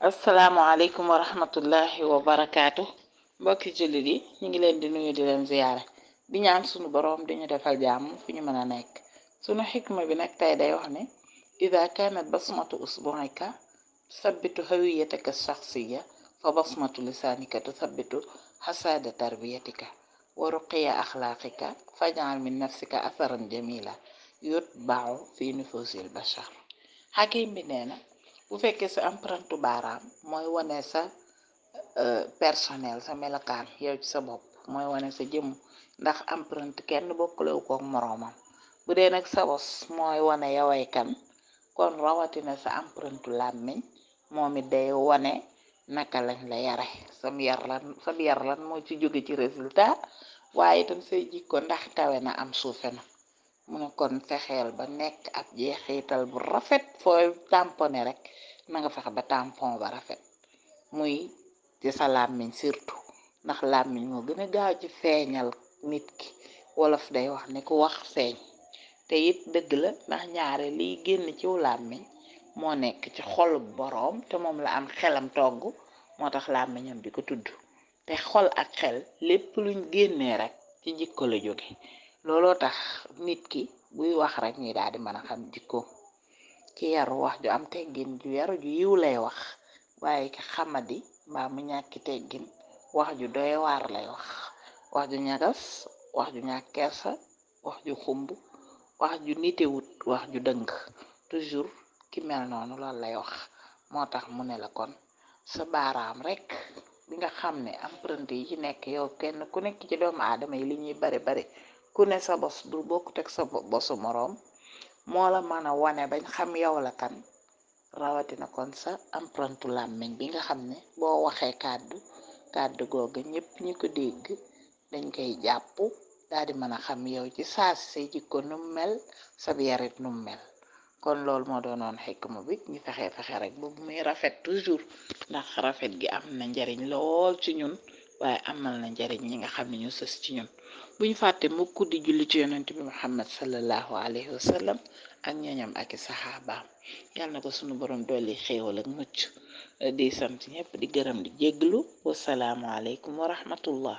asalaamualeykum wa rahmatullahi wa barakaatu mbokki jullit yi ñu ngi leen di nuyu di leen ziyaare di ñaan sunu boroom di ñu defal jàmm fu ñu mën a nekk sunu xikma bi nag tey day wax ne ida kaanat basmatu usbuika sabbitu hawiyataka shaxsiya fa basmatu lisaanika tusabbitu xasaada tarbiyatika wa ruqiya axlaaqika fajal min nafsika atharan jamila yutbau fi nufusil bashar xakim bi nee na bu fekkee sa empreinte baaraam mooy wane sa euh, personnel sa melokaan yow ci sa bopp mooy wane sa jëmm ndax empreinte kenn bokkalewu kook moroomam bu dee nag sa bos mooy wane yaway kan kon rawatina sa empreinte làmmiñ moom it day wane naka lañ la yare sam yar lan sam moo ci jóge ci résultat waaye itam say jikko ndax kawe na am suufe mu ne kon fexeel ba nekk ab jeexiital bu rafet fooy tamponné rek na nga fexe ba tampon ba rafet muy ci sa làmmiñ surtout ndax làmmiñ moo gën a gaaw ci feeñal nit ki wolof day wax ni ku wax seeñ te it dëgg la ndax ñaare liy génn ciw làmmiñ moo nekk ci xolub boroom te moom la am xelam togg moo tax làmmiñam di ko tudd te xol ak xel lépp luñ génnee rek ci jikko la jóge looloo tax nit ki buy wax rek nii daal di mën a xam jikko ci yaru wax ju am teggin ju yaru ju yiw lay wax waaye ki xamadi mbaamu mu ñàkki teggin wax ju doyewaar lay wax wax ju ñagas wax ju ñàkk kersa wax ju xumb wax ju nitewut wax ju dëng toujours ki mel noonu loolu lay wax moo tax mu ne la kon sa baaraam rek bi nga xam ne empreinte yi ci nekk yow kenn ku nekk ci doomu aadama yi liñ ñuy bari bari ku ne sa bos bul bokku teg sa bosu moroom moo la mën a wane bañ xam yow la kan rawatina kon sa empreinte làmmiñ bi nga xam ne boo waxee kàddu kàddu googa ñëpp ñi ko dégg dañ koy jàpp daal di mën a xam yow ci saasi say jikko num mel sab yarit num mel kon loolu moo doon doonoon xikma bi ñu fexe fexe rek bu muy rafet toujours ndax rafet gi am na njariñ lool ci ñun waaye amal na njariñ ñi nga xam ne ñu sës ci ñun buñu fàtte mukk di julli ci yonent bi muhammad sallallahu alayhi wa sallam ak ñooñam ak i saxaabaam yàlla na ko sunu borom dolli xéewal ak mucc di sant ñëpp di gërëm di jégglu wasalaamu aleykum wa